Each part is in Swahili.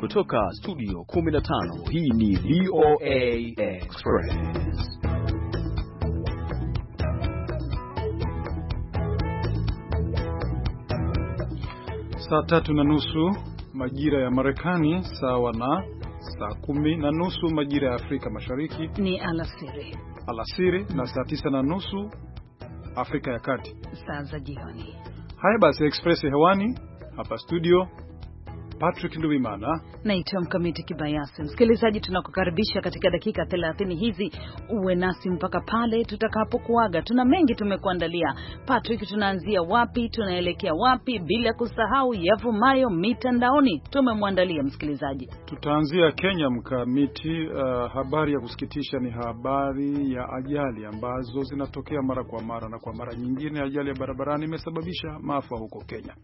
Kutoka studio 15 hii ni VOA Express. Saa tatu na nusu majira ya Marekani, sawa na saa kumi na nusu majira ya Afrika Mashariki ni alasiri, alasiri na saa tisa na nusu Afrika ya Kati, saa za jioni. Haya basi, Express hewani hapa studio Patrick Nduimana, naitwa Mkamiti Kibayasi. Msikilizaji, tunakukaribisha katika dakika 30 hizi, uwe nasi mpaka pale tutakapokuaga. Tuna mengi tumekuandalia. Patrick, tunaanzia wapi? Tunaelekea wapi? Bila kusahau yavumayo mitandaoni tumemwandalia msikilizaji. Tutaanzia Kenya, Mkamiti. Uh, habari ya kusikitisha ni habari ya ajali ambazo zinatokea mara kwa mara, na kwa mara nyingine ajali ya barabarani imesababisha maafa huko Kenya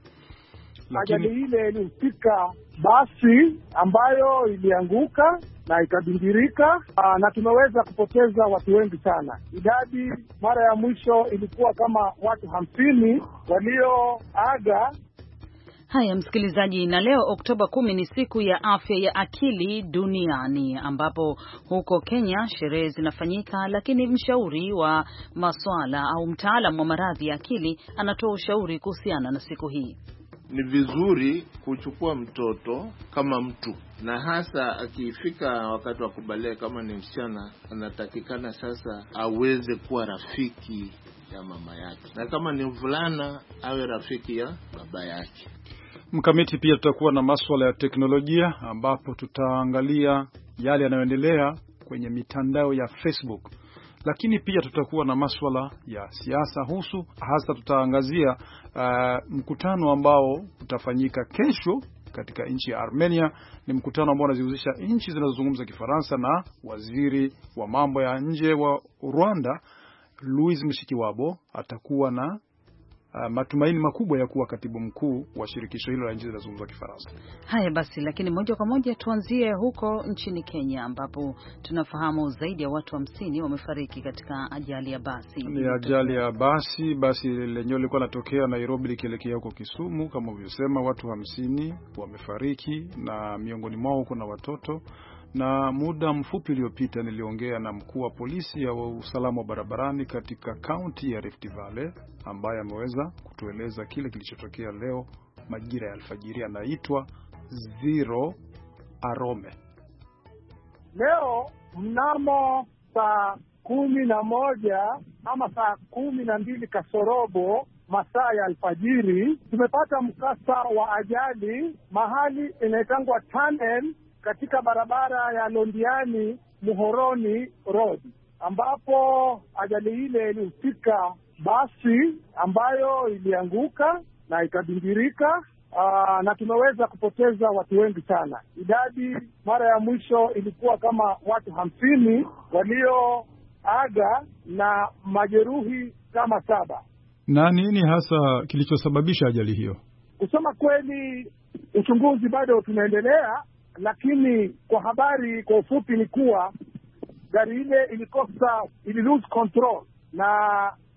ajali ile ilihusika basi ambayo ilianguka na ikabingirika, ah, na tumeweza kupoteza watu wengi sana. Idadi mara ya mwisho ilikuwa kama watu hamsini walioaga. Haya, msikilizaji, na leo Oktoba kumi ni siku ya afya ya akili duniani, ambapo huko Kenya sherehe zinafanyika, lakini mshauri wa maswala au mtaalam wa maradhi ya akili anatoa ushauri kuhusiana na siku hii ni vizuri kuchukua mtoto kama mtu, na hasa akifika wakati wa kubalea, kama ni msichana, anatakikana sasa aweze kuwa rafiki ya mama yake, na kama ni mvulana awe rafiki ya baba yake. Mkamiti, pia tutakuwa na maswala ya teknolojia ambapo tutaangalia yale yanayoendelea kwenye mitandao ya Facebook lakini pia tutakuwa na maswala ya siasa husu, hasa tutaangazia uh, mkutano ambao utafanyika kesho katika nchi ya Armenia. Ni mkutano ambao unazihusisha nchi zinazozungumza Kifaransa na waziri wa mambo ya nje wa Rwanda Louis Mshikiwabo atakuwa na uh, matumaini makubwa ya kuwa katibu mkuu wa shirikisho hilo la nchi zinazungumza Kifaransa. Haya basi, lakini moja kwa moja tuanzie huko nchini Kenya ambapo tunafahamu zaidi ya watu hamsini wa wamefariki katika ajali ya basi. Ni ajali ya basi, basi lenyewe lilikuwa natokea Nairobi likielekea huko Kisumu. Kama ulivyosema, watu hamsini wamefariki na miongoni mwao kuna watoto na muda mfupi uliopita niliongea na mkuu wa polisi ya usalama wa barabarani katika kaunti ya Rift Valley ambaye ameweza kutueleza kile kilichotokea leo majira ya alfajiri. Anaitwa zero Arome. Leo mnamo saa kumi na moja ama saa kumi na mbili kasorobo masaa ya alfajiri tumepata mkasa wa ajali mahali inaitangwa tunnel katika barabara ya Londiani Muhoroni Road, ambapo ajali ile ilihusika basi ambayo ilianguka na ikabingirika. Aa, na tumeweza kupoteza watu wengi sana. Idadi mara ya mwisho ilikuwa kama watu hamsini walioaga na majeruhi kama saba. Na nini hasa kilichosababisha ajali hiyo? Kusema kweli, uchunguzi bado tunaendelea, lakini kwa habari kwa ufupi ni kuwa gari ile ilikosa ili lose control, na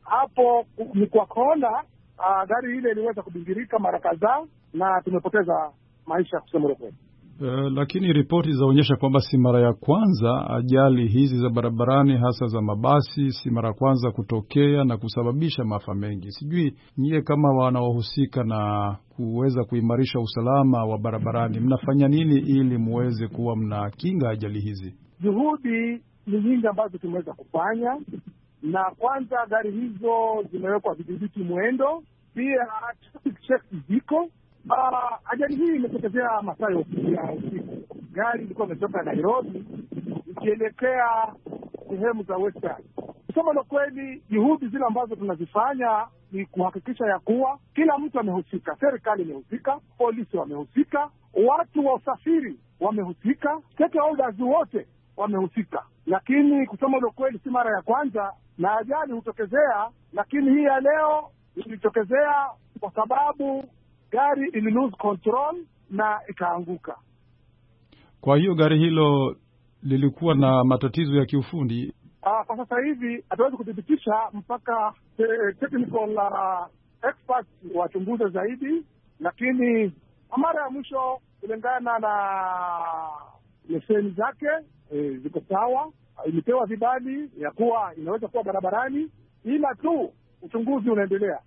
hapo ni kwa kona uh, ah, gari ile iliweza kubingirika mara kadhaa na tumepoteza maisha kusema kweli. Uh, lakini ripoti zaonyesha kwamba si mara ya kwanza ajali hizi za barabarani hasa za mabasi, si mara kwanza kutokea na kusababisha maafa mengi. Sijui nyie kama wanaohusika na kuweza kuimarisha usalama wa barabarani mnafanya nini ili muweze kuwa mnakinga ajali hizi? Juhudi ni nyingi ambazo tumeweza kufanya, na kwanza gari hizo zimewekwa vidhibiti mwendo, pia ziko Ah, ajali hii imetokezea masaa ya usiku. Gari ilikuwa imetoka Nairobi ikielekea sehemu za Western. Kusema la kweli, juhudi zile ambazo tunazifanya ni kuhakikisha ya kuwa kila mtu amehusika, serikali imehusika, polisi wamehusika, watu wa usafiri wamehusika, stakeholders wote wamehusika. Lakini kusema ule kweli, si mara ya kwanza na ajali hutokezea, lakini hii ya leo ilitokezea kwa sababu gari ili lose control na ikaanguka. Kwa hiyo gari hilo lilikuwa na matatizo ya kiufundi. Uh, kwa sasa hivi hatuwezi kuthibitisha mpaka te eh, technical uh, experts wachunguze zaidi, lakini kwa mara ya mwisho kulingana na leseni zake e, ziko sawa, imepewa vibali ya kuwa inaweza kuwa barabarani, ila tu uchunguzi unaendelea.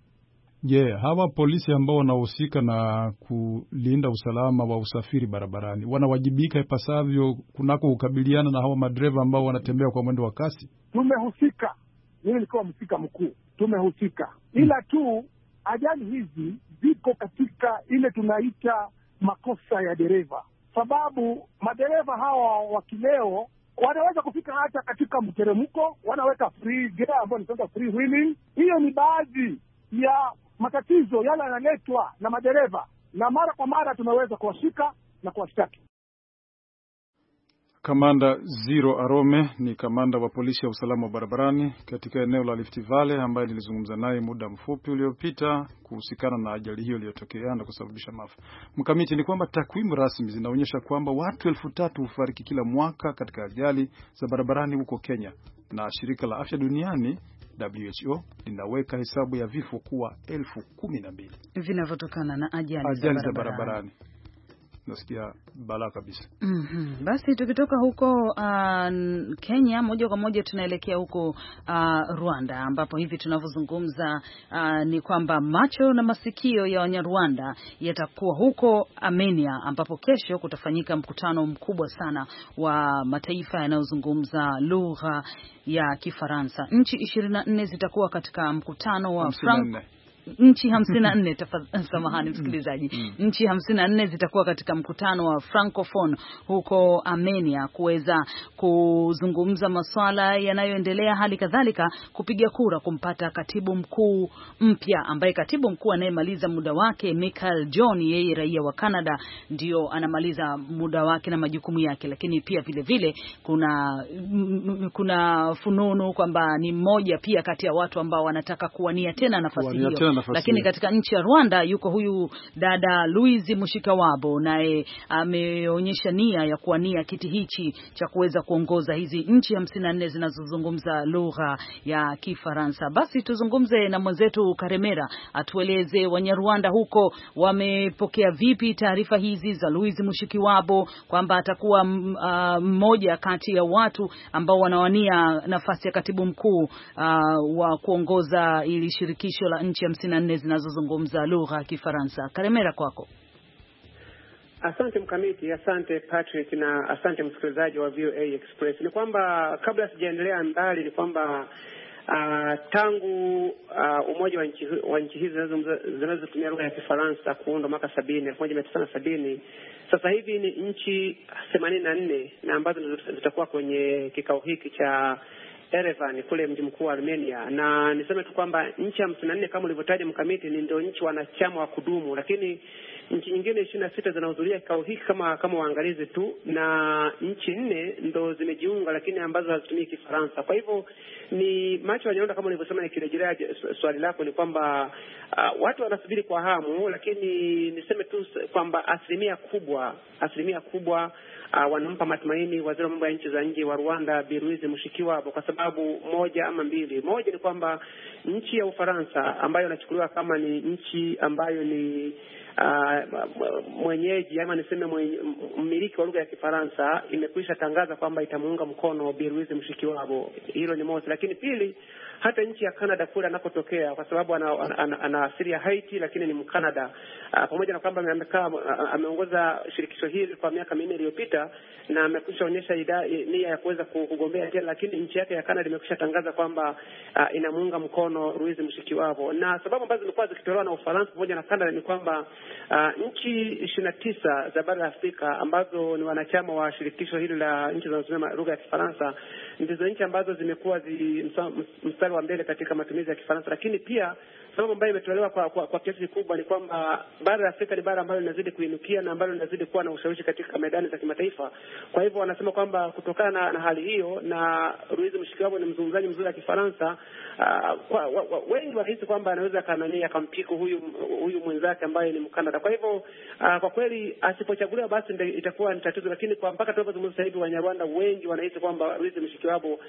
Je, yeah, hawa polisi ambao wanahusika na kulinda usalama wa usafiri barabarani wanawajibika ipasavyo kunako kukabiliana na hawa madereva ambao wanatembea kwa mwendo wa kasi? Tumehusika, mimi nilikuwa mhusika mkuu, tumehusika ila hmm. tu ajali hizi ziko katika ile tunaita makosa ya dereva, sababu madereva hawa wa kileo wanaweza kufika hata katika mteremko, wanaweka free gear ambayo ni free wheeling. Hiyo ni baadhi ya matatizo yale yanaletwa na madereva, na mara kwa mara tumeweza kuwashika na kuwashtaki. Kamanda Ziro Arome ni kamanda wa polisi ya usalama wa barabarani katika eneo la Rift Valley ambaye nilizungumza naye muda mfupi uliopita kuhusikana na ajali hiyo iliyotokea na kusababisha maafa. Mkamiti, ni kwamba takwimu rasmi zinaonyesha kwamba watu elfu tatu hufariki kila mwaka katika ajali za barabarani huko Kenya, na shirika la afya duniani WHO linaweka hesabu ya vifo kuwa elfu kumi na mbili vinavyotokana na ajali za barabarani nasikia balaa kabisa. mm -hmm. Basi tukitoka huko uh, Kenya moja kwa moja tunaelekea huko uh, Rwanda ambapo hivi tunavyozungumza uh, ni kwamba macho na masikio ya Wanyarwanda yatakuwa huko Armenia ambapo kesho kutafanyika mkutano mkubwa sana wa mataifa yanayozungumza lugha ya Kifaransa. Nchi na nne zitakuwa katika mkutano wa nchi hamsini na nne samahani mm. msikilizaji, mm. nchi hamsini na nne zitakuwa katika mkutano wa Francophone huko Armenia kuweza kuzungumza masuala yanayoendelea, hali kadhalika kupiga kura kumpata katibu mkuu mpya, ambaye katibu mkuu anayemaliza muda wake Michael John, yeye raia wa Canada, ndio anamaliza muda wake na majukumu yake, lakini pia vile vile kuna mm, kuna fununu kwamba ni mmoja pia kati ya watu ambao wanataka kuwania tena nafasi hiyo lakini katika nchi ya Rwanda yuko huyu dada Louis Mushikawabo, naye ameonyesha nia ya kuania kiti hichi cha kuweza kuongoza hizi nchi hamsini na nne zinazozungumza lugha ya Kifaransa. Basi tuzungumze na mwenzetu Karemera atueleze Wanyarwanda huko wamepokea vipi taarifa hizi za Louis Mushikiwabo kwamba atakuwa mm, ah, mmoja uh, kati ya watu ambao wanawania nafasi ya katibu mkuu uh, wa kuongoza ili shirikisho la nchi 54 zinazozungumza lugha ya Kifaransa. Karemera, kwako. Asante mkamiti, asante Patrick na asante msikilizaji wa VOA Express. Ni kwamba kabla sijaendelea mbali, ni kwamba Uh, tangu uh, umoja wa nchi wa nchi hizi zinazotumia lugha ya Kifaransa kuundwa mwaka sabini elfu moja mia tisa na sabini sasa hivi ni nchi themanini na nne na ambazo zitakuwa kwenye kikao hiki cha Erevan kule mji mkuu wa Armenia, na niseme tu kwamba nchi hamsini na nne kama ulivyotaja mkamiti, ni ndio nchi wanachama wa kudumu, lakini nchi nyingine ishirini na sita zinahudhuria kikao hiki kama kama waangalizi tu, na nchi nne ndo zimejiunga, lakini ambazo hazitumii Kifaransa. Kwa hivyo ni macho wanaona, kama nilivyosema, nikirejelea swali lako ni kwamba uh, watu wanasubiri kwa hamu, lakini niseme tu kwamba asilimia kubwa asilimia kubwa uh, wanampa matumaini waziri wa mambo ya nchi za nje wa Rwanda Biruizi Mushikiwabo kwa sababu moja ama mbili. Moja ni kwamba nchi ya Ufaransa ambayo inachukuliwa kama ni nchi ambayo ni Ah, mwenyeji ama niseme mmiliki wa lugha ya Kifaransa imekwisha tangaza kwamba itamuunga mkono Biruizi Mshikiwabo. Hilo ni mosi, lakini pili hata nchi ya Canada kule anakotokea, kwa sababu ana, ana, ana, ana asili ya Haiti lakini ni Mkanada. Ah, pamoja na kwamba amekaa ah, ameongoza shirikisho hili kwa miaka minne iliyopita na amekwisha onyesha nia ya kuweza kugombea tena, lakini nchi yake ya Canada imekwisha tangaza kwamba uh, inamuunga mkono Louis Mushikiwabo, na sababu ambazo zilikuwa zikitolewa na Ufaransa pamoja na Canada ni kwamba uh, nchi ishirini na tisa za bara la Afrika ambazo ni wanachama wa shirikisho hili la nchi zinazosema lugha ya Kifaransa ndizo nchi ambazo zimekuwa zi, mstari wa mbele katika matumizi ya Kifaransa, lakini pia sababu ambayo imetolewa kwa, kwa, kwa kiasi kikubwa ni kwamba bara la Afrika ni bara ambalo linazidi kuinukia na ambalo linazidi kuwa na ushawishi katika medani za kimataifa. Kwa hivyo wanasema kwamba kutokana na, na hali hiyo na Louise Mushikiwabo ni mzungumzaji mzuri wa Kifaransa, uh, kwa, wa, wa, wengi wanahisi kwamba anaweza kanani akampiku huyu huyu mwenzake ambaye ni Mkanada. Kwa hivyo uh, kwa kweli asipochaguliwa basi itakuwa ni tatizo, lakini kwa mpaka tunapozungumza sasa hivi Wanyarwanda wengi wanahisi kwamba Louise Mushikiwabo iwapo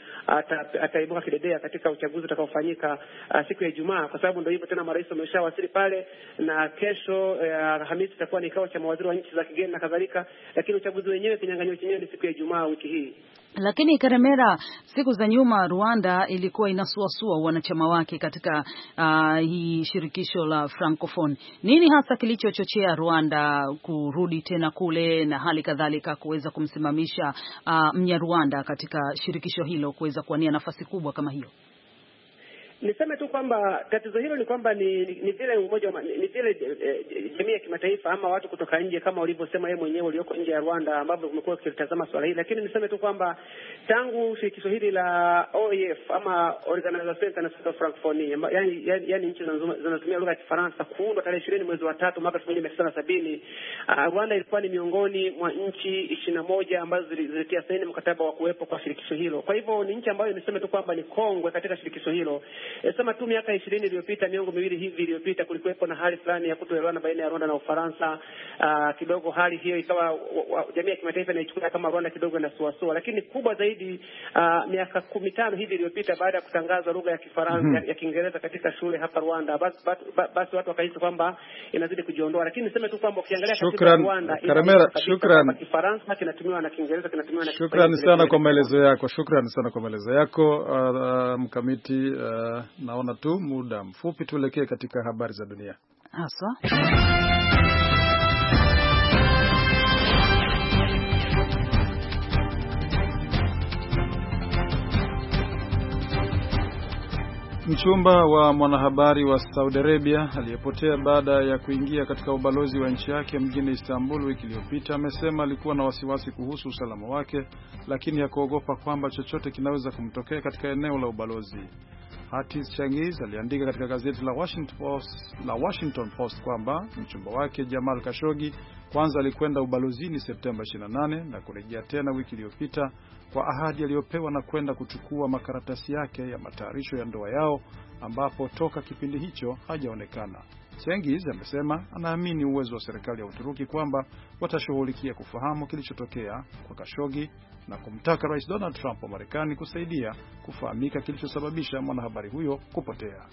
ataibuka kidedea katika uchaguzi utakaofanyika uh, siku ya Ijumaa, kwa sababu ndio hivyo tena, marais wameshawasili pale, na kesho uh, Alhamisi uh, itakuwa ni kikao cha mawaziri wa nchi za kigeni na kadhalika, lakini uchaguzi wenyewe, kinyang'anyiro chenyewe ni siku ya Ijumaa wiki hii. Lakini Karemera, siku za nyuma Rwanda ilikuwa inasuasua wanachama wake katika uh, hii shirikisho la Francophone. Nini hasa kilichochochea Rwanda kurudi tena kule na hali kadhalika kuweza kumsimamisha uh, Mnyarwanda katika shirikisho hilo kuweza kuwania nafasi kubwa kama hiyo? niseme tu kwamba tatizo hilo ni kwamba ni ni vile umoja ni vile eh, eh, jamii ya kimataifa ama watu kutoka nje, kama ulivyosema yeye mwenyewe ulioko nje ya Rwanda, ambavyo umekuwa ukitazama swala hili. Lakini niseme tu kwamba tangu shirikisho hili la OIF ama Organisation Internationale de Francophonie, yani, yani, yani nchi zinazotumia lugha ya Kifaransa kuundwa tarehe ishirini mwezi wa tatu mwaka elfu moja mia tisa na sabini uh, Rwanda ilikuwa ni miongoni mwa nchi ishirini na moja ambazo zilitia saini mkataba wa kuwepo kwa shirikisho hilo. Kwa hivyo ni nchi ambayo niseme tu kwamba ni kongwe katika shirikisho hilo Eh, sema tu miaka ishirini iliyopita miongo miwili hivi iliyopita, kulikuwepo na hali fulani ya kutoelewana baina ya Rwanda na Ufaransa. Uh, kidogo hali hiyo ikawa jamii ya kimataifa inaichukulia kama Rwanda kidogo inasuasua, lakini kubwa zaidi uh, miaka kumi tano hivi iliyopita baada ya kutangaza lugha ya Kifaransa mm -hmm. ya Kiingereza katika shule hapa Rwanda, basi bas, bas, bas, watu wakahisi kwamba inazidi kujiondoa, lakini niseme tu kwamba ukiangalia katika Rwanda Karamera, shukrani. Kifaransa kinatumiwa na Kiingereza kinatumiwa na Shukrani sana kwa maelezo yako, shukrani sana kwa maelezo yako uh, uh, ah, mkamiti uh, naona tu muda mfupi, tuelekee katika habari za dunia haswa. Mchumba wa mwanahabari wa Saudi Arabia aliyepotea baada ya kuingia katika ubalozi wa nchi yake mjini Istanbul wiki iliyopita amesema alikuwa na wasiwasi kuhusu usalama wake, lakini hakuogopa kwamba chochote kinaweza kumtokea katika eneo la ubalozi. Hatis Changis aliandika katika gazeti la Washington Post, la Washington Post kwamba mchumba wake Jamal Kashogi kwanza alikwenda ubalozini Septemba 28 na kurejea tena wiki iliyopita kwa ahadi aliyopewa na kwenda kuchukua makaratasi yake ya matayarisho ya ndoa yao ambapo toka kipindi hicho hajaonekana. Cengiz amesema anaamini uwezo wa serikali ya Uturuki kwamba watashughulikia kufahamu kilichotokea kwa Kashogi na kumtaka Rais Donald Trump wa Marekani kusaidia kufahamika kilichosababisha mwanahabari huyo kupotea.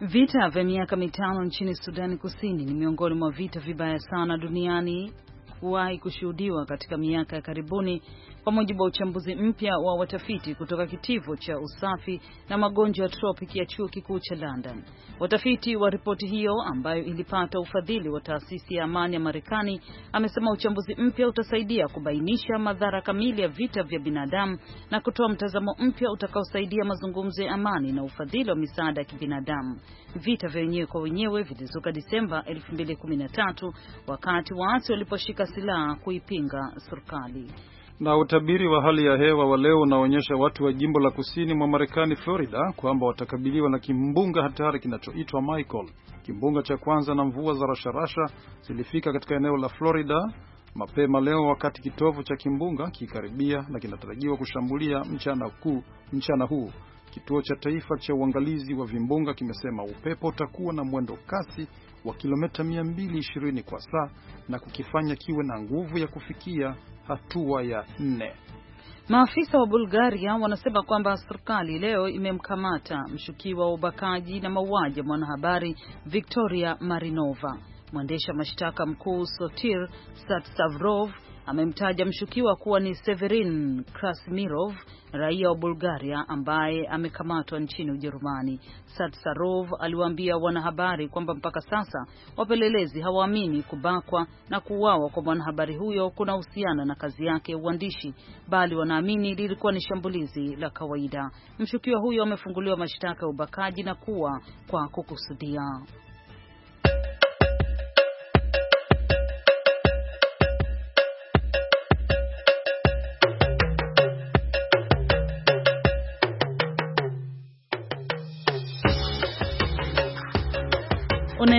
Vita vya miaka mitano nchini Sudani Kusini ni miongoni mwa vita vibaya sana duniani kuwahi kushuhudiwa katika miaka ya karibuni, kwa mujibu wa uchambuzi mpya wa watafiti kutoka kitivo cha usafi na magonjwa ya tropiki ya chuo kikuu cha London. Watafiti wa ripoti hiyo ambayo ilipata ufadhili wa taasisi ya amani ya Marekani amesema uchambuzi mpya utasaidia kubainisha madhara kamili ya vita vya binadamu na kutoa mtazamo mpya utakaosaidia mazungumzo ya amani na ufadhili wa misaada ya kibinadamu. Vita vya wenyewe kwa wenyewe vilizuka Disemba 2013 wakati waasi waliposhika silaha kuipinga serikali. Na utabiri wa hali ya hewa wa leo unaonyesha watu wa jimbo la kusini mwa Marekani, Florida, kwamba watakabiliwa na kimbunga hatari kinachoitwa Michael. Kimbunga cha kwanza na mvua za rasharasha zilifika katika eneo la Florida mapema leo wakati kitovu cha kimbunga kikaribia na kinatarajiwa kushambulia mchana, ku, mchana huu. Kituo cha Taifa cha Uangalizi wa Vimbunga kimesema upepo utakuwa na mwendo kasi wa kilomita 220 kwa saa na kukifanya kiwe na nguvu ya kufikia hatua ya nne. Maafisa wa Bulgaria wanasema kwamba serikali leo imemkamata mshukiwa wa ubakaji na mauaji ya mwanahabari Victoria Marinova. Mwendesha mashtaka mkuu Sotir Satsavrov amemtaja mshukiwa kuwa ni Severin Krasmirov, raia wa Bulgaria ambaye amekamatwa nchini Ujerumani. Satsarov aliwaambia wanahabari kwamba mpaka sasa wapelelezi hawaamini kubakwa na kuuawa kwa mwanahabari huyo kuna husiana na kazi yake uandishi, bali wanaamini lilikuwa ni shambulizi la kawaida. Mshukiwa huyo amefunguliwa mashtaka ya ubakaji na kuwa kwa kukusudia.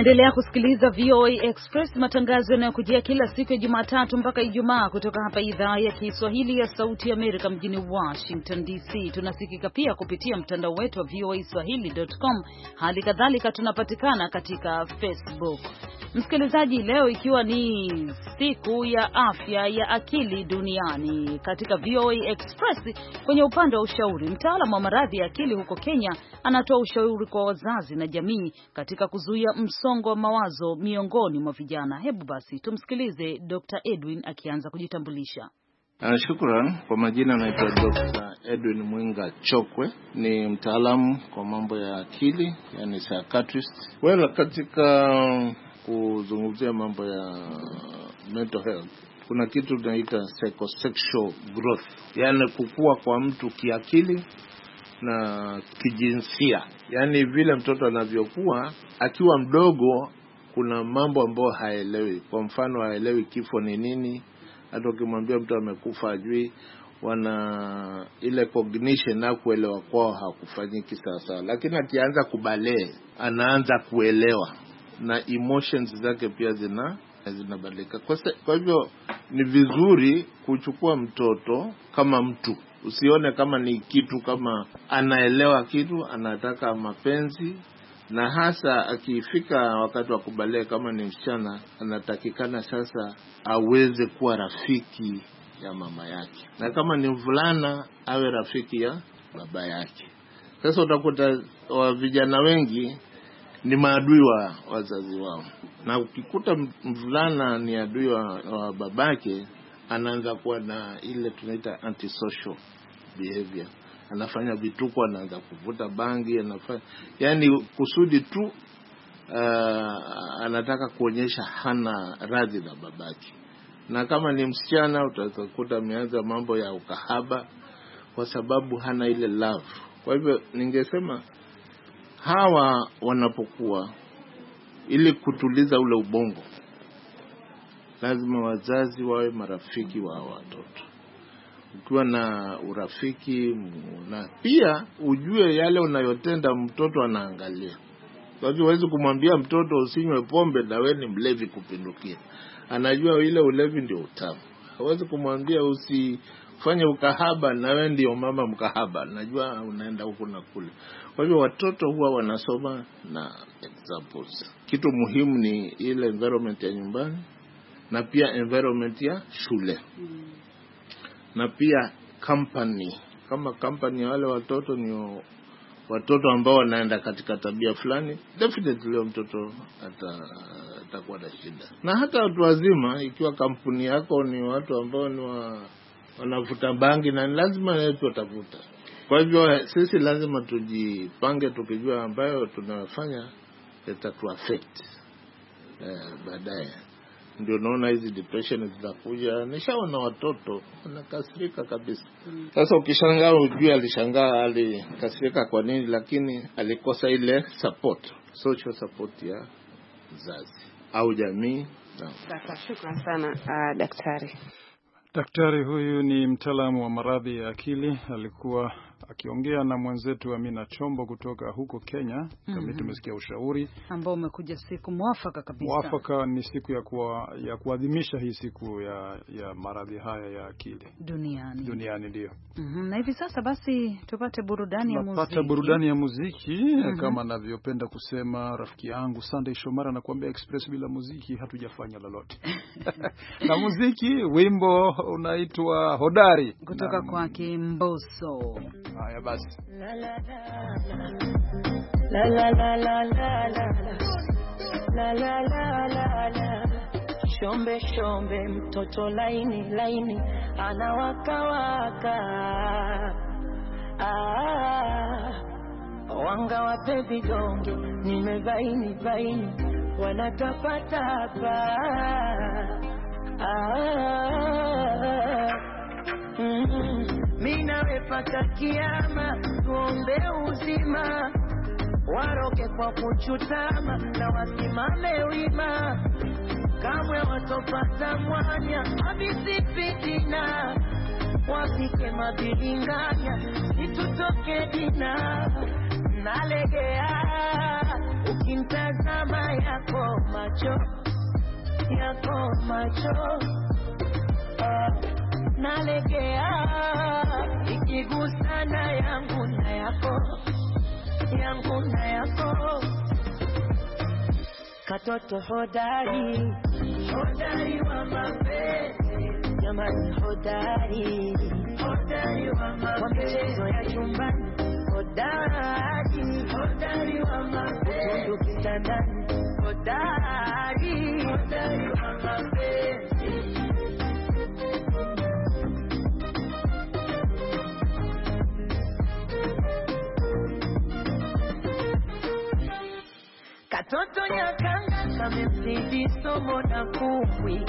Unaendelea kusikiliza VOA Express, matangazo yanayokujia kila siku ya Jumatatu mpaka Ijumaa kutoka hapa idhaa ya Kiswahili ya Sauti ya Amerika mjini Washington DC. Tunasikika pia kupitia mtandao wetu wa voaswahili.com. Hali kadhalika tunapatikana katika Facebook. Msikilizaji, leo ikiwa ni siku ya afya ya akili duniani, katika VOA Express kwenye upande wa ushauri, mtaalamu wa maradhi ya akili huko Kenya anatoa ushauri kwa wazazi na jamii katika kuzuia msongo msongo wa mawazo miongoni mwa vijana. Hebu basi tumsikilize Dr. Edwin akianza kujitambulisha. Uh, shukran kwa majina, naitwa Dr. Edwin Mwinga Chokwe, ni mtaalamu kwa mambo ya akili, yani psychiatrist. Well, katika kuzungumzia mambo ya mental health kuna kitu tunaita psychosexual growth, yani kukua kwa mtu kiakili na kijinsia, yaani vile mtoto anavyokuwa akiwa mdogo, kuna mambo ambayo haelewi. Kwa mfano, haelewi kifo ni nini. Hata ukimwambia mtu amekufa ajui wana ile cognition na kuelewa kwao hakufanyiki sawasawa, lakini akianza kubalee anaanza kuelewa na emotions zake pia zina zinabadilika. Kwa hivyo ni vizuri kuchukua mtoto kama mtu Usione kama ni kitu kama anaelewa kitu, anataka mapenzi, na hasa akifika wakati wa kubalea, kama ni msichana, anatakikana sasa aweze kuwa rafiki ya mama yake, na kama ni mvulana awe rafiki ya baba yake. Sasa utakuta wa vijana wengi ni maadui wa wazazi wao, na ukikuta mvulana ni adui wa, wa babake anaanza kuwa na ile tunaita antisocial behavior, anafanya vituko, anaanza kuvuta bangi, anafanya yani kusudi tu uh, anataka kuonyesha hana radhi na babake. Na kama ni msichana utakuta ameanza mambo ya ukahaba kwa sababu hana ile love. Kwa hivyo ningesema hawa wanapokuwa, ili kutuliza ule ubongo lazima wazazi wawe marafiki wa watoto. Ukiwa na urafiki na pia ujue yale unayotenda, mtoto anaangalia. Kwa hivyo huwezi kumwambia mtoto usinywe pombe na wewe ni mlevi kupindukia, anajua ile ulevi ndio utamu. Huwezi kumwambia usifanye ukahaba na wewe ndio mama mkahaba, najua unaenda huku na kule. Kwa hivyo watoto huwa wanasoma na examples. Kitu muhimu ni ile environment ya nyumbani na pia environment ya shule mm. na pia company kama company ya wale watoto ni watoto ambao wanaenda katika tabia fulani, definitely mtoto atakuwa ata na shida. Na hata watu wazima, ikiwa kampuni yako ni watu ambao ni wa, wanavuta bangi, na lazima wetu watavuta. Kwa hivyo sisi lazima tujipange, tukijua ambayo tunafanya itatuaffect eh, baadaye ndio naona hizi depression zinakuja. Nishaona watoto wanakasirika kabisa. Sasa ukishangaa, ujue alishangaa, alikasirika kwa nini, lakini alikosa ile support, social support ya mzazi au jamii. shukran sana uh, daktari. Daktari huyu ni mtaalamu wa maradhi ya akili, alikuwa akiongea na mwenzetu Amina Chombo kutoka huko Kenya mm -hmm. tumesikia ushauri ambao umekuja siku mwafaka kabisa. Mwafaka ni siku ya kuwa, ya kuadhimisha hii siku ya ya maradhi haya ya akili duniani duniani, ndio mm -hmm. Na hivi sasa basi tupate burudani ya muziki, tupate burudani ya muziki mm -hmm. Kama anavyopenda kusema rafiki yangu Sunday Shomara anakuambia express, bila muziki hatujafanya lolote na muziki, wimbo unaitwa Hodari kutoka kwake Mboso. Haya basi, shombe shombe, mtoto laini laini, anawakawaka ah, ah. wanga wape vidonge, nimebaini baini, wanatapatapa ah, mm mi nawe paka kiama, tuombe uzima, waroke kwa kuchutama na wasimame wima, kamwe watopata mwanya abisi wafike mabilinganya, situtoke dina nalegea ukintazama yako macho yako macho ah. nalegea, ikigusana yangu na yako, yangu na yako, katoto hodari, hodari wa mapenzi, jamani, hodari, hodari wa mapenzi, wa michezo ya chumbani, hodari, hodari wa mapenzi, utundu kitandani, hodari, hodari wa mapenzi Toto nyakanga kamezidi somo na kumbwi,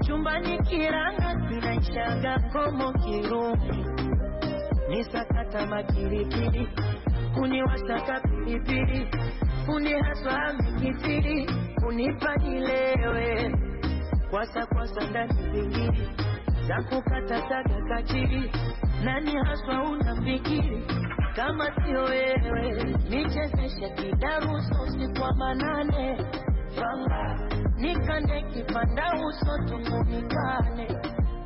chumbani kiranga zinaishaga komo kirumi, nisakata makirikiri kuniwasaka pilipili kunihaswa mikitiri kunipanilewe kwasa kwasa ndani zingiri za kukata saga kachiri nani haswa unafikiri kama sio wewe nichezeshe kidaruso usiku wa manane panga nikande kipanda uso tumunikane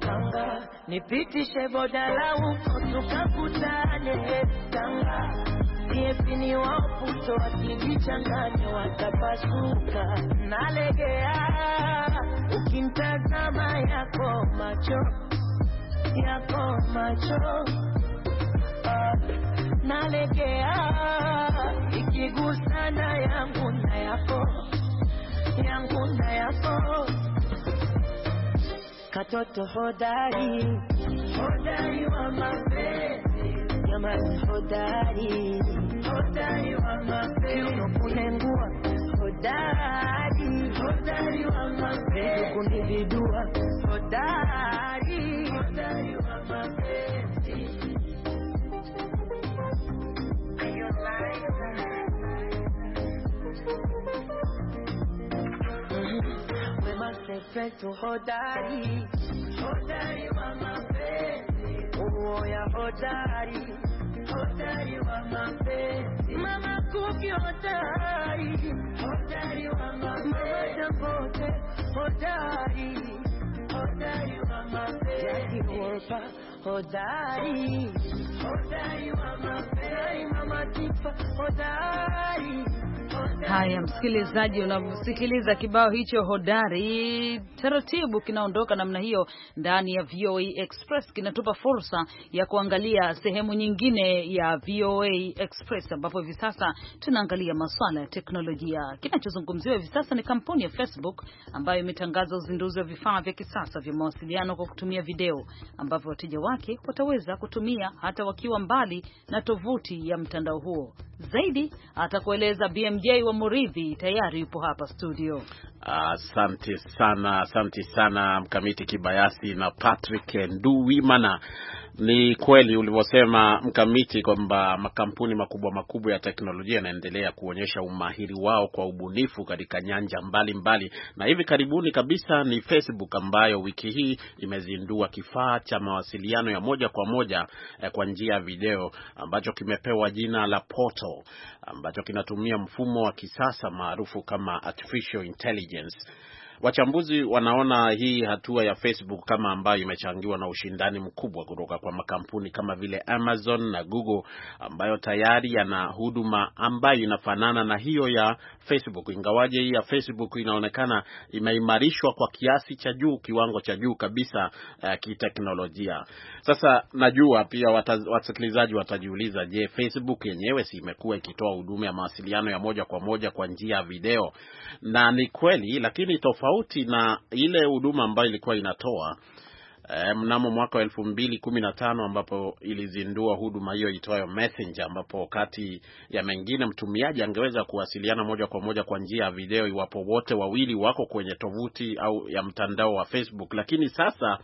panga nipitishe la uko tukakutane panga siefini waputo wakijichanganya watapasuka nalegea ukimtazama yako macho yako macho ah. nalegea, ikigusana yangu na yako, yangu na yako, katoto hodari, hodari wa mapenzi, jamani hodari, hodari wa mapenzi, unokunengua hodari, hodari wa mapenzi, kunividua hodari, hodari wa mapenzi kwetu hodari, hodari wa mapenzi, uo oh, ya hodari, hodari wa mapenzi, mama kuki hodari, hodari wa mapenzi, mama jambote hodari, hodari wa mapenzi, yaki worpa hodari, hodari wa mapenzi, mama tifa hodari Haya, msikilizaji, unavyosikiliza kibao hicho hodari taratibu kinaondoka namna hiyo ndani ya VOA Express, kinatupa fursa ya kuangalia sehemu nyingine ya VOA Express ambapo hivi sasa tunaangalia masuala ya teknolojia. Kinachozungumziwa hivi sasa ni kampuni ya Facebook ambayo imetangaza uzinduzi wa vifaa vya kisasa vya mawasiliano kwa kutumia video, ambavyo wateja wake wataweza kutumia hata wakiwa mbali na tovuti ya mtandao huo. Zaidi atakueleza BMJ wa Muridhi, tayari yupo hapa studio. Asante uh, sana, asante sana Mkamiti Kibayasi na Patrick Nduwimana. Ni kweli ulivyosema Mkamiti kwamba makampuni makubwa makubwa ya teknolojia yanaendelea kuonyesha umahiri wao kwa ubunifu katika nyanja mbalimbali mbali. Na hivi karibuni kabisa ni Facebook ambayo wiki hii imezindua kifaa cha mawasiliano ya moja kwa moja eh, kwa njia ya video ambacho kimepewa jina la Portal ambacho kinatumia mfumo wa kisasa maarufu kama artificial intelligence Christians Wachambuzi wanaona hii hatua ya Facebook kama ambayo imechangiwa na ushindani mkubwa kutoka kwa makampuni kama vile Amazon na Google ambayo tayari yana huduma ambayo inafanana na hiyo ya Facebook, ingawaje hii ya Facebook inaonekana imeimarishwa kwa kiasi cha juu, kiwango cha juu kabisa uh, kiteknolojia. Sasa najua pia wasikilizaji watajiuliza, je, Facebook yenyewe si imekuwa ikitoa huduma ya mawasiliano ya moja kwa moja kwa njia ya video? Na ni kweli, lakini tofauti tofauti na ile huduma ambayo ilikuwa inatoa e, mnamo mwaka wa elfu mbili kumi na tano ambapo ilizindua huduma hiyo itwayo Messenger, ambapo kati ya mengine mtumiaji angeweza kuwasiliana moja kwa moja kwa njia ya video iwapo wote wawili wako kwenye tovuti au ya mtandao wa Facebook. Lakini sasa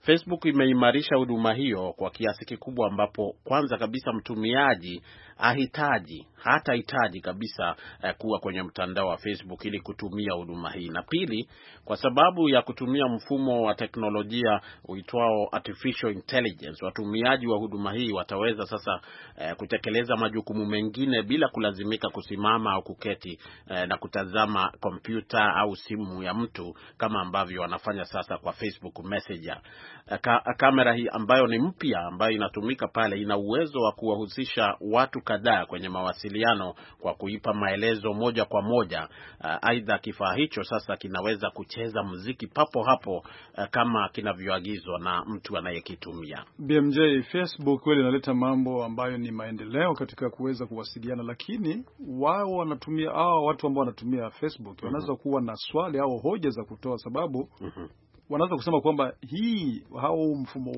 Facebook imeimarisha huduma hiyo kwa kiasi kikubwa, ambapo kwanza kabisa mtumiaji ahitaji hatahitaji kabisa eh, kuwa kwenye mtandao wa Facebook ili kutumia huduma hii, na pili, kwa sababu ya kutumia mfumo wa teknolojia uitwao artificial intelligence, watumiaji wa huduma hii wataweza sasa eh, kutekeleza majukumu mengine bila kulazimika kusimama au kuketi eh, na kutazama kompyuta au simu ya mtu kama ambavyo wanafanya sasa kwa Facebook Messenger. Ka kamera hii ambayo ni mpya, ambayo inatumika pale, ina uwezo wa kuwahusisha watu kadhaa kwenye mawasiliano kwa kuipa maelezo moja kwa moja. Uh, aidha, kifaa hicho sasa kinaweza kucheza muziki papo hapo uh, kama kinavyoagizwa na mtu anayekitumia. BMJ, Facebook kweli inaleta mambo ambayo ni maendeleo katika kuweza kuwasiliana, lakini wao wanatumia hawa watu ambao wanatumia Facebook mhm. wanaweza mm -hmm. kuwa na swali au hoja za kutoa sababu mm -hmm. wanaweza kusema kwamba hii au mfumo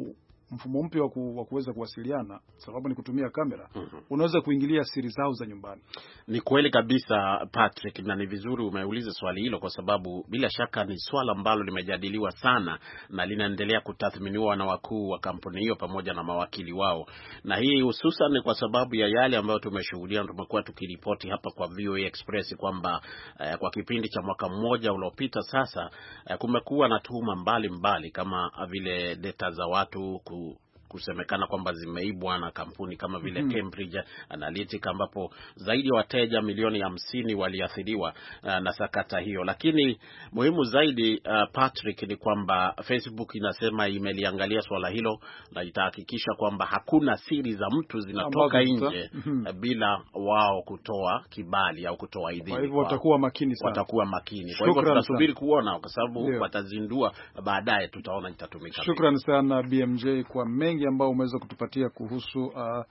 mfumo mpya wa kuweza kuwasiliana, sababu ni kutumia kamera mm -hmm. Unaweza kuingilia siri zao za nyumbani. Ni kweli kabisa Patrick, na ni vizuri umeuliza swali hilo kwa sababu bila shaka ni swala ambalo limejadiliwa sana na linaendelea kutathminiwa na wakuu wa kampuni hiyo pamoja na mawakili wao, na hii hususan ni kwa sababu ya yale ambayo tumeshuhudia tumekuwa tukiripoti hapa kwa VOA Express kwamba eh, kwa kipindi cha mwaka mmoja uliopita sasa eh, kumekuwa na tuhuma mbalimbali kama vile data za watu ku o kusemekana kwamba zimeibwa na kampuni kama vile mm -hmm. Cambridge Analytica ambapo zaidi ya wateja milioni hamsini waliathiriwa uh, na sakata hiyo. Lakini muhimu zaidi uh, Patrick, ni kwamba Facebook inasema imeliangalia suala hilo na itahakikisha kwamba hakuna siri za mtu zinatoka nje mm -hmm. bila wao kutoa kibali au kutoa idhini. Kwa hivyo watakuwa makini sana, watakuwa makini. Kwa hivyo tutasubiri kuona, kwa sababu watazindua baadaye, tutaona itatumika. Shukrani sana BMJ kwa mengi mengi ambayo umeweza kutupatia kuhusu uh,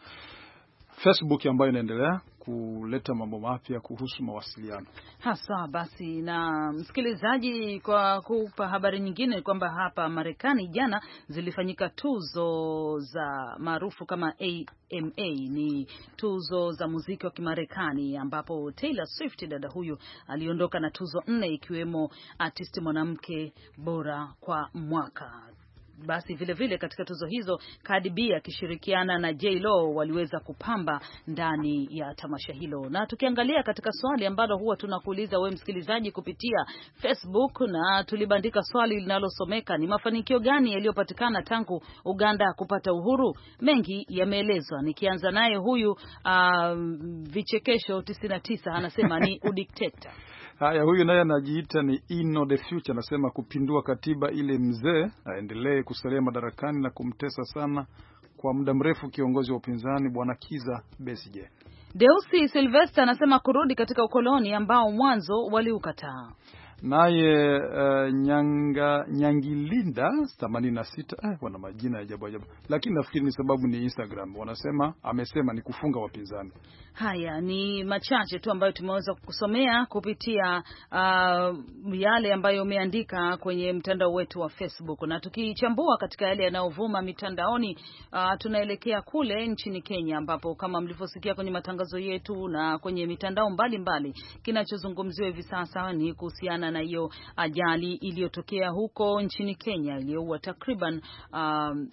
Facebook ambayo inaendelea kuleta mambo mapya kuhusu mawasiliano haswa. Basi na msikilizaji, kwa kupa habari nyingine kwamba hapa Marekani jana zilifanyika tuzo za maarufu kama AMA, ni tuzo za muziki wa Kimarekani, ambapo Taylor Swift dada huyu aliondoka na tuzo nne ikiwemo artist mwanamke bora kwa mwaka. Basi vile vile katika tuzo hizo Cardi B akishirikiana na J Lo waliweza kupamba ndani ya tamasha hilo. Na tukiangalia katika swali ambalo huwa tunakuuliza we msikilizaji kupitia Facebook, na tulibandika swali linalosomeka ni mafanikio gani yaliyopatikana tangu Uganda kupata uhuru? Mengi yameelezwa, nikianza naye huyu uh, vichekesho 99 anasema ni udikteta Haya, huyu naye anajiita ni Ino the Future, anasema kupindua katiba ile mzee aendelee kusalia madarakani na kumtesa sana kwa muda mrefu kiongozi wa upinzani bwana Kiza Besije. Deusi Silvester anasema kurudi katika ukoloni ambao mwanzo waliukataa naye uh, nyanga Nyangilinda 86 eh, wana majina ya ajabu ajabu, lakini nafikiri ni sababu ni Instagram wanasema, amesema ni kufunga wapinzani. Haya ni machache tu ambayo tumeweza kukusomea kupitia uh, yale ambayo umeandika kwenye mtandao wetu wa Facebook, na tukichambua katika yale yanayovuma mitandaoni uh, tunaelekea kule nchini Kenya ambapo kama mlivyosikia kwenye matangazo yetu na kwenye mitandao mbalimbali, kinachozungumziwa hivi sasa ni kuhusiana kutokana na hiyo ajali iliyotokea huko nchini Kenya iliyoua takriban um,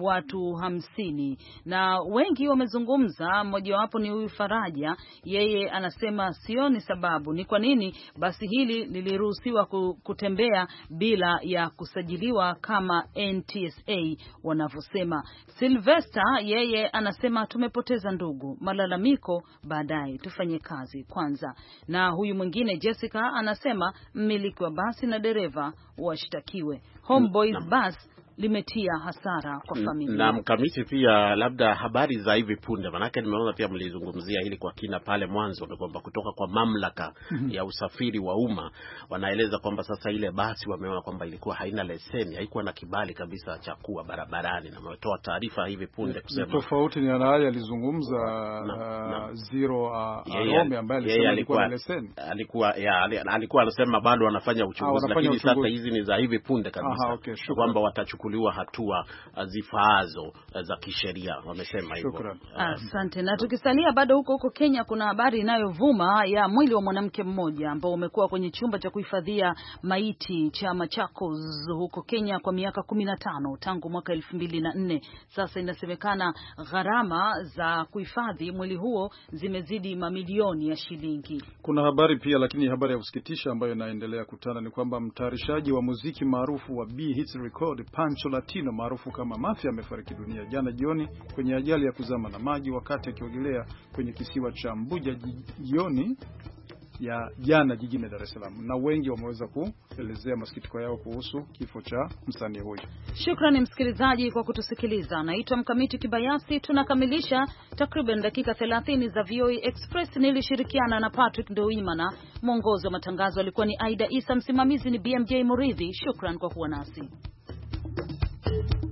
watu hamsini, na wengi wamezungumza. mojawapo ni huyu Faraja, yeye anasema sioni sababu ni kwa nini basi hili liliruhusiwa kutembea bila ya kusajiliwa kama NTSA wanavyosema. Sylvester yeye anasema tumepoteza ndugu, malalamiko baadaye, tufanye kazi kwanza. Na huyu mwingine Jessica anasema mmiliki wa basi na dereva washtakiwe. Homeboys Bus limetia hasara kwa mm, familia. Na mkamiti pia, labda habari za hivi punde, manake nimeona pia mlizungumzia hili kwa kina pale mwanzo, kwamba kutoka kwa mamlaka mhm. ya usafiri wa umma wanaeleza kwamba sasa ile basi wameona kwamba ilikuwa haina leseni, haikuwa na kibali kabisa cha kuwa barabarani, na wametoa taarifa hivi punde kusema tofauti. Ni anaye alizungumza uh, Zero uh, Arome ambaye alikuwa na leseni, alikuwa alikuwa anasema bado wanafanya uchunguzi, lakini sasa hizi ni za hivi punde kabisa kwamba watachukua kuchukuliwa hatua uh, zifaazo uh, za kisheria. Wamesema hivyo. Uh, Asante. Na tukisalia bado huko huko Kenya, kuna habari inayovuma ya mwili wa mwanamke mmoja ambao umekuwa kwenye chumba cha kuhifadhia maiti cha Machakos huko Kenya kwa miaka kumi na tano tangu mwaka elfu mbili na nne. Sasa inasemekana gharama za kuhifadhi mwili huo zimezidi mamilioni ya shilingi. Kuna habari pia, lakini habari ya kusikitisha ambayo inaendelea kutana ni kwamba mtayarishaji wa muziki maarufu wa B Hits Record Rancho Latino maarufu kama Mafia amefariki dunia jana jioni kwenye ajali ya kuzama na maji wakati akiogelea kwenye kisiwa cha Mbuja jioni ya jana jijini Dar es Salaam, na wengi wameweza kuelezea masikitiko yao kuhusu kifo cha msanii huyo. Shukrani msikilizaji kwa kutusikiliza. Naitwa Mkamiti Kibayasi. Tunakamilisha takriban dakika 30 za VOA e Express. Nilishirikiana na Patrick Ndoimana, mwongozi wa matangazo alikuwa ni Aida Isa, msimamizi ni BMJ Muridhi. Shukrani kwa kuwa nasi. Thank you.